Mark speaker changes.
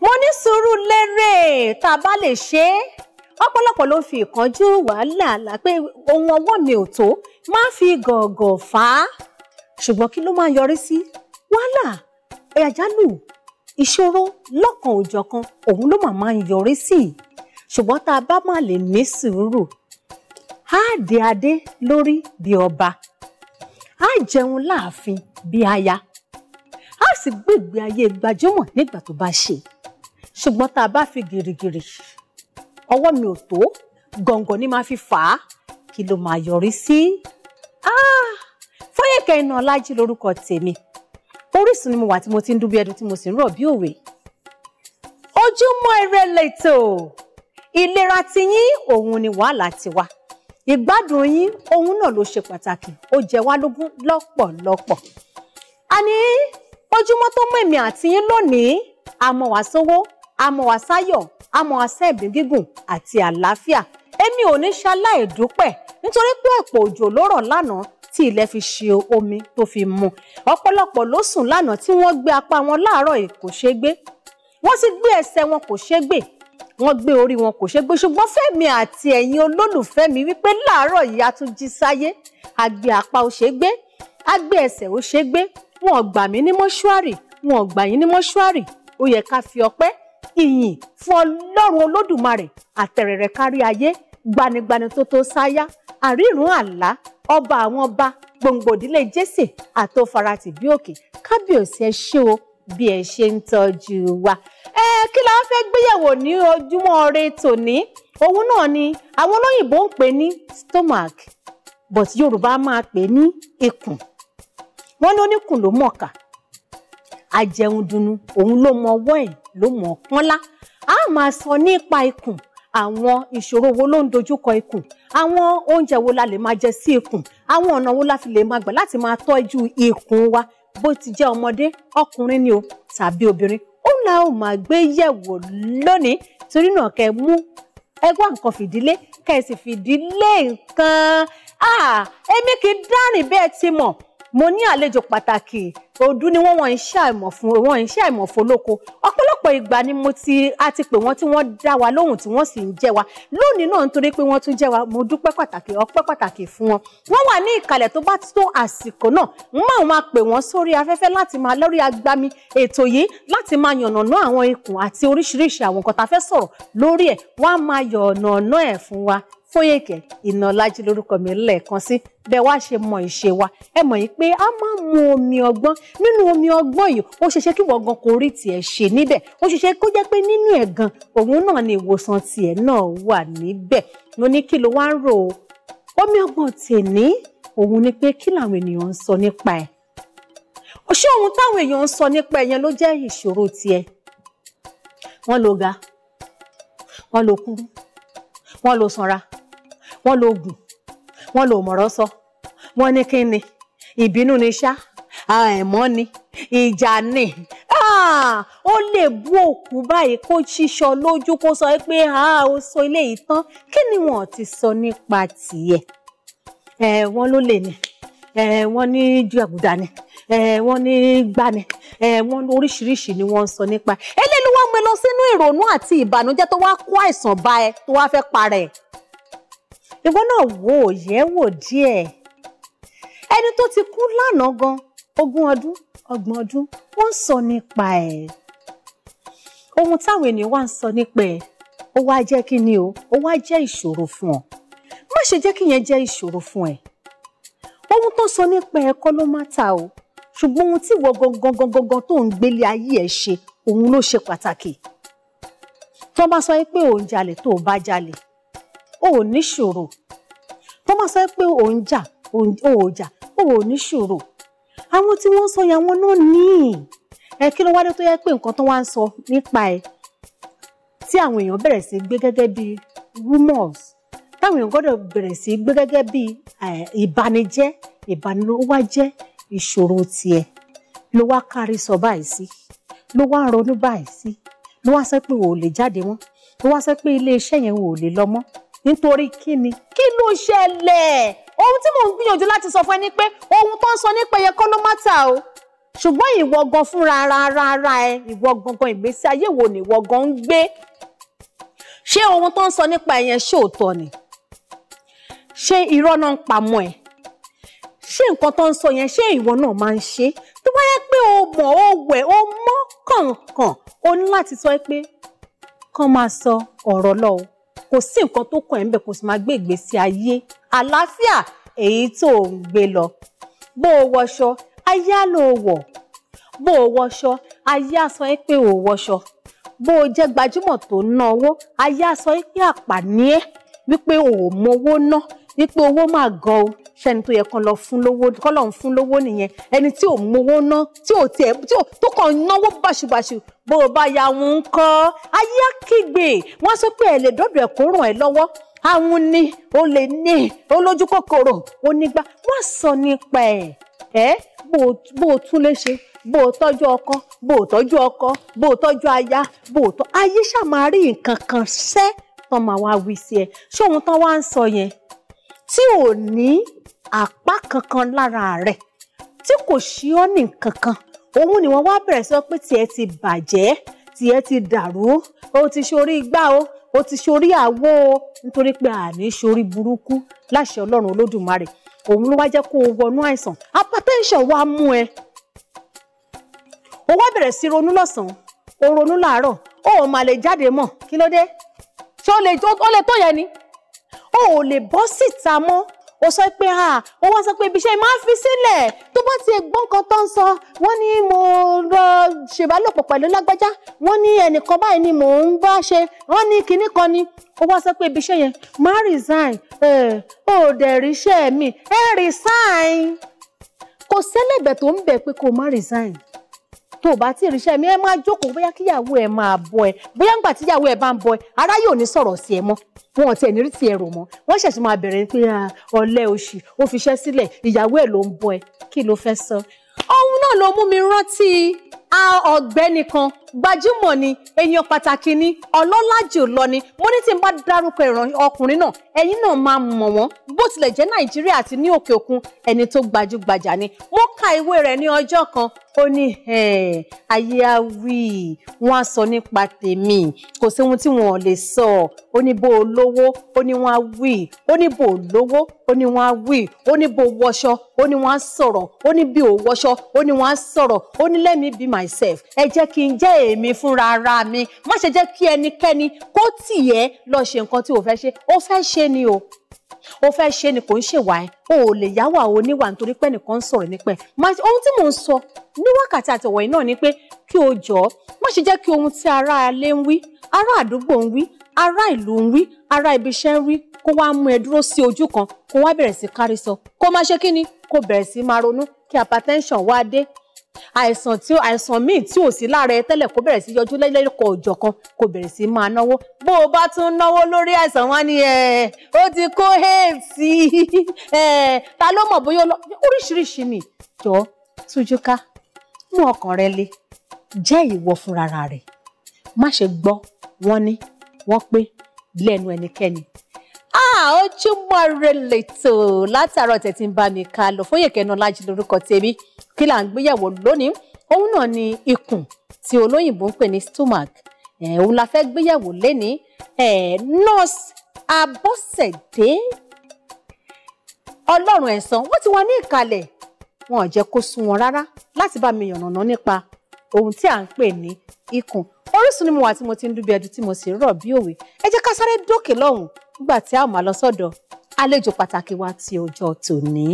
Speaker 1: mo ní sùúrù lérè tá a bá lè ṣe é ọ̀pọ̀lọpọ̀ ló fi ìkánjú wàhálà là pé ohun ọwọ́ mi ò tó má fi gọ̀ọ̀gọ̀ fà á ṣùgbọ́n kí ló máa yọrí sí wàhálà àjálù ìṣòro lọ́kan òjọ̀kan òun ló mà máa ń yọrí sí ṣùgbọ́n tá a bá má lè ní sùúrù á adé lórí bí ọba á jẹun láàfin bí aya láti gbégbé ayé gbajúmọ̀ nígbà tó bá ṣe ṣùgbọ́n tá a bá fi gìrìgìrì ọwọ́ mi ò tó gọ̀ǹgọ̀ ni máa fi fà á kí ló máa yọrí sí. Ah! Fọ́yẹ̀kẹ́ Inaọlájí lórúkọ tèmi Orísun ni mo wà tí mo ti ń dún bí ẹdun tí mo sì ń rọ̀ bí òwe. Ojúmọ́ ire lẹ́tọ̀ ìlera ti yín òun ni wàhálà ti wá ìgbádùn yín òun náà ló ṣe pàtàkì ó jẹ wá lógún lọ́pọ̀lọpọ̀. A ní ojúmọ́ tó mú èmi àti yín lónìí àmọ́ wá sówó àmọ́ wá sáyọ̀ àmọ́ wá sẹ́ẹ̀bì gígùn àti àlàáfíà èmi ò ní ṣaláì dúpẹ́ nítorí pé ọ̀pọ̀ òjò ló rọ̀ lánàá tí ilẹ̀ fi ṣe omi tó fi mu ọ̀pọ̀lọpọ̀ ló sùn lánàá tí wọ́n gbé apá wọn láàárọ̀ yìí kò ṣeé gbé wọ́n sì gbé ẹsẹ̀ wọn kò ṣeé gbé wọ́n gbé orí wọn kò ṣeé gbé ṣùgbọ́n fẹ́mi àti ẹ̀yin olólùfẹ́ mi wípé láàárọ̀ yìí a tún jí sáyé a gbé apá ó ṣeé gbé a gbé ẹsẹ̀ ó ṣeé gbé wọn ò gbà mí ní mọ́ṣúárì wọn ò gbà yín ní mọ́ṣúárì ó yẹ ká fi ọpẹ́ ìyìn fún ọlọ́run olódùmarè àtẹ̀rẹ̀rẹ̀ kárí ayé gbanigbani tó tó sáyá àrírun àlá ọba àwọn ọba gbòǹgbòdílé jésè àtòfaratì bí òkè kábíyèsí ẹ ṣé o bí ẹ ṣe ń tọ́jú wa. ẹ kí la fẹ́ gbéyẹ̀wò ní ojúmọ́ ire tòní òun náà ni àwọn olóyìnbó ń pè ní stomach but yorùbá máa pè ní ikùn wọ́n ló ní kùn ló mọ̀ọ́kà ajẹun dunu òun ló mọ ọwọ́ ẹ̀ ló mọ̀ ọ́pọ́nlá a máa sọ nípa ikùn àwọn ìṣòro wo ló ń dojúkọ ikùn àwọn oúnjẹ wo la lè máa jẹ sí ikùn àwọn ọ̀nà wo la fi lè máa gbà láti máa tọ́jú ikùn wa bó ti jẹ́ ọmọdé ọkùnrin ni o tàbí obìnrin ó la ó máa gbé yẹ̀wò lónìí torí náà kẹ́ mú ẹgbẹ́ nǹkan fìdílé kẹ́ sì fìdílé nǹkan èmi kì í dárìn bẹ́ẹ̀ ti mọ̀ mo ní àlejò pàtàkì òdu ni wọ́n wọ́n ń ṣàìmọ̀ fún wọ́n ń ṣàìmọ̀ fún olóko ọ̀pọ̀lọpọ̀ ìgbà ni mo ti a ti pè wọ́n tí wọ́n dá wa lóhùn tí wọ́n sì ń jẹ́ wa lónìí náà nítorí pé wọ́n tún jẹ́ wa mo dúpẹ́ pàtàkì ọpẹ́ pàtàkì fún wọn wọ́n wà ní ìkàlẹ̀ tó bá tó àsìkò náà n máa máa pè wọ́n sórí afẹ́fẹ́ láti máa lórí agbami ètò yìí láti máa yànnàná àwọn ikùn àti oríṣiríṣi àwọn nǹkan tá a fẹ́ sọ̀rọ̀ lórí ẹ̀ wọ́n á máa yànnàná ẹ̀ fún wa Fóyèkẹ́ Ìnàọlájí lórúkọ mi lẹ́ẹ̀kan sí bẹ́ẹ̀ wá ṣe mọ ìṣe wa ẹ mọ̀ yìí pé a máa ń mu omi ọgbọ́n nínú omi ọgbọ́n yìí ó ṣeṣe kí wọ́n gan kò rí tiẹ̀ ṣe níbẹ̀ ó ṣeṣe kó jẹ́ pé nínú ẹ̀ gan òun náà ni ìwòsàn tiẹ̀ náà wà níbẹ̀ mo ní kí ló wá ń rò ó omi ọgbọ́n tèmi òun ni pé kí làwọn ènìyàn ń sọ nípa ẹ̀ ṣé ohun táwọn èèyàn ń sọ nípa ẹ̀ ló jẹ́ ìṣòro tiẹ̀ wọ́n lo ga wọ́n lo kúrú wọ́n lo sanra wọ́n lo oògùn wọ́n lo òmọ̀rọ̀ sọ wọ́n ní kí ni ìbínú ni ṣá àìmọ́ ni ìjà ni ah! ó lè bú òkú báyìí kó ṣíṣọ lójú kó sọ pé ah, ó sọ ilé yìí tán kí ni wọn ti sọ nípa tiẹ̀ wọ́n ló lè ní wọ́n ní ju àgùdà ni wọ́n ní gbani wọ́n oríṣiríṣi ni wọ́n ń sọ nípa eléyìí ló wá gbé lọ sínú ìrònú àti ìbànújẹ́ tó wá kó àìsàn bá ẹ tó wá fẹ́ para ẹ̀ ìwọ náà wò ó yẹ̀ wò díẹ̀ ẹni tó ti kú lánàá gan ogún ọdún ọgbọ̀n ọdún wọ́n ń sọ nípa ẹ̀ ohun táwọn ènìyàn wá ń sọ nípa ẹ̀ ó wá jẹ́ kí ni o ó wá jẹ́ ìṣòro fún ọ má ṣe jẹ́ kí yẹn jẹ́ ìṣòro fún ẹ ohun tó sọ nípa ẹ̀ kọ́ ló má ta o ṣùgbọ́n ohun tí ìwọ gangan gangan gangan tó ń gbélé ayé ẹ̀ ṣe òun ló ṣe pàtàkì tó bá sọ pé òun jalè tó o bá jalè o ò níṣòro tó máa sọ pé ò ń jà ò ò jà ò ò níṣòro àwọn tí wọ́n ń sọ yẹn náà níì ẹ kí ló wá dé tó yẹ pé nǹkan tó wá ń sọ nípa ẹ tí àwọn èèyàn bẹ̀rẹ̀ sí gbé gẹ́gẹ́ bí rumors táwọn èèyàn gbọ́dọ̀ bẹ̀rẹ̀ sí gbé gẹ́gẹ́ bí ìbanijẹ́ ìbanilówájẹ́ ìṣòro tiẹ̀ ló wá kárí sọ báyìí sí ló wá ronú báyìí sí ló wá sọ pé wò ó lè jáde mọ́ ló wá sọ pé ilé yẹn wò ó lè lọ mọ́ nítorí kí ni kí ló ṣẹlẹ̀ ohun tí mò ń gbìyànjú láti sọ fún ẹ ni pé ohun tó ń sọ nípa ẹyẹ kọ́ ló mọ́tà o ṣùgbọ́n ìwọ gan fúnra ara ara ẹ ìwọ gangan ìgbésí ayé wo ni ìwọ gan ń gbé ṣé ohun tó ń sọ nípa ẹ̀yẹn ṣòótọ́ ni ṣé irọ́ náà ń pamọ́ ẹ̀ ṣé nǹkan tó ń sọ yẹn ṣé ìwọ náà máa ń ṣe tó bá yẹ pé o mọ̀ o wẹ̀ o mọ̀ kànkàn o ní láti sọ pé kàn máa sọ ọ̀rọ̀ lọ́wọ́ kò sí nǹkan tó kàn ẹ́ ń bẹ̀ kò sì máa gbé ìgbésí ayé àlàáfíà èyí tó ń gbé lọ bó o wọṣọ ayé á lò wọ̀ bó o wọṣọ ayé á sọ pé o wọṣọ bó o jẹ́ gbajúmọ̀ tó náwó ayé á sọ pé àpàní ẹ wípé o ò mọwó ná wípé owó máa gan o ṣẹni tó yẹ kán lọ fún lówó kán lọ fún lówó nìyẹn ẹni tí ò mowó ná tí ò tiẹ̀ tí ò tó kàn náwó báṣubàṣu bó o bá ya wọn ń kọ́ ayé kígbe wọ́n sọ pé ẹ̀ lè dọ́dọ̀ ẹ̀ kó ràn ẹ́ lọ́wọ́ àwọn ni o lè ní olójú kòkòrò onígbà wọ́n sọ nípa ẹ̀ ẹ́ bó o tún lè ṣe bó o tọ́jú ọkọ bó o tọ́jú ọkọ bó o tọ́jú aya bó o tọ́ ayé ṣàmárì nǹkan kan ṣẹ́ tán máa wá ẹ ṣé ohun tán wá ń sọ yẹn tí ò ní apá kankan lára rẹ̀ tí kò ṣe ọ́ ní kankan òun ni wọ́n wá bẹ̀rẹ̀ sọ pé tiẹ̀ ti bàjẹ́ tiẹ̀ ti dàrú o ti ṣorí igbá o o ti ṣorí àwo o nítorí pé àní ṣorí burúkú láṣẹ ọlọ́run olódùmarè òun ló wá jẹ́ kó o wọnú àìsàn hypertension wá mú ẹ o wá bẹ̀rẹ̀ sí ronú lọ́sàn-án o ronú làárọ̀ o ò mà lè jáde mọ́ kí ló dé ṣé o lè tó yẹ ni o ò lè bọ́ síta mọ́ ó sọ pé à ó wá sọ pé ibi iṣẹ́ máa fi sílẹ̀ tó bá ti gbọ́n kan tó ń sọ wọ́n ní mo lọ ṣèbálòpọ̀ pẹ̀lú lágbájá wọ́n ní ẹnìkan báyìí ni mò ń bá ṣe wọ́n ní kinní kan ni ó wá sọ pé ibi iṣẹ́ yẹn máa resign o dẹ̀ ríṣẹ́ mi ẹ resign kò sẹ́lẹ̀bẹ̀ tó ń bẹ̀ pé kò má tó o bá tí ì mi ẹ máa jókòó bóyá kíyàwó ẹ máa bọ ẹ bóyá ńgbà tíyàwó ẹ bá ń bọ ẹ ara yóò ní sọ̀rọ̀ sí ẹ mọ́ wọn ò tiẹ̀ ní rí rò mọ́ wọ́n ṣẹ̀ṣẹ̀ máa bẹ̀rẹ̀ pé ọ̀lẹ oṣì ó fiṣẹ́ sílẹ̀ ìyàwó ẹ ló ń bọ ẹ kí ló fẹ́ sọ ohun náà ló mú mi rántí a ọ̀gbẹ́ni kan gbajúmọ̀ ni èèyàn pàtàkì ni ọlọ́lá jùlọ ni mo ní tí n bá dárúkọ ìran ọkùnrin náà ẹ̀yin náà máa mọ̀ wọ́n bó tilẹ̀ jẹ́ nàìjíríà àti ní òkè òkun ẹni tó gbajúgbajà ni mo ka ìwé rẹ̀ ní ọjọ́ kan ó ní ayé awí wọn á sọ nípa tèmi kò sí ohun tí wọn ò lè sọ ó ní bó o lówó ó ní wọn á wí ó ní bó o lówó ó ní wọn á wí ó ní bó o wọṣọ ó ní wọn á sọ̀rọ̀ ó ní bí o wọṣọ ó ní wọn á sọ̀rọ̀ ó ní lẹ́mìí bí myself ẹ jẹ́ kí n jẹ́ èmi fúnra ara mi má ṣe jẹ́ kí ẹnikẹ́ni kó tì ẹ́ lọ ṣe nǹkan tí o fẹ́ ṣe o fẹ́ ṣe ni o o fẹ́ ṣe ni kò ń ṣèwà ẹ́ o ò lè yáwà o níwà nítorí pé nìkan ń sọ̀rọ̀ nípa ẹ̀ ohun tí mò ń sọ ní wákàtí àtẹ̀wọ̀ yìí náà ni pé kí o jọ̀ọ́ má ṣe jẹ́ kí ohun tí ará alé ń wí ará àdúgbò ń wí ará ìlú ń wí ará ibiṣẹ́ ń wí kó wá mú ẹ dúró sí ojú kan kó wá bẹ̀rẹ̀ sí kárí sọ kó má ṣe kí ni kó bẹ̀rẹ̀ sí máa ronú kí hypertension wá dé àìsàn tí àìsàn míì tí ò sí lára ẹ tẹ́lẹ̀ kó bẹ̀rẹ̀ sí yọjú lẹ́lẹ́kọ̀ òjọ̀ kan kó bẹ̀rẹ̀ sí máa náwó bó o bá tún náwó lórí àìsàn wọn ni ẹ ó ti kó èèsì ta ló mọ̀ bóyá oríṣiríṣi ni jọ tújúká mú ọkàn rẹ le jẹ́ ìwọ fúnra rẹ̀ má ṣe gbọ́ wọ́n ní wọ́n pé lẹ́nu ẹnikẹ́ni Ojúmọ́ ire lètò látàárọ̀ tẹ̀tí ń bá mi ká lọ Fóyèkẹ́ Inaọlájí lórúkọ tèmi kí là ń gbéyàwó lónìí òun náà ni ikùn tí olóyìnbó ń pè ní stomach òun la fẹ́ gbéyàwó lẹ́ni nurse Abọ́sẹ̀dé Ọlọ́run ẹ̀san wọ́n ti wà ní ìkàlẹ̀ wọn ò jẹ́ kó sún wọn rárá láti bá mi yànnàná nípa ohun tí à ń pè ní ikùn Orísun ni mo wà tí mo ti ń dúbi ẹdun tí mo sì rọ̀ bí òwe ẹ jẹ́ ká sáré dókè lọ́hùn nígbà tí a máa lọ sọ́dọ̀ àlejò pàtàkì wa ti ọjọ́ tòní.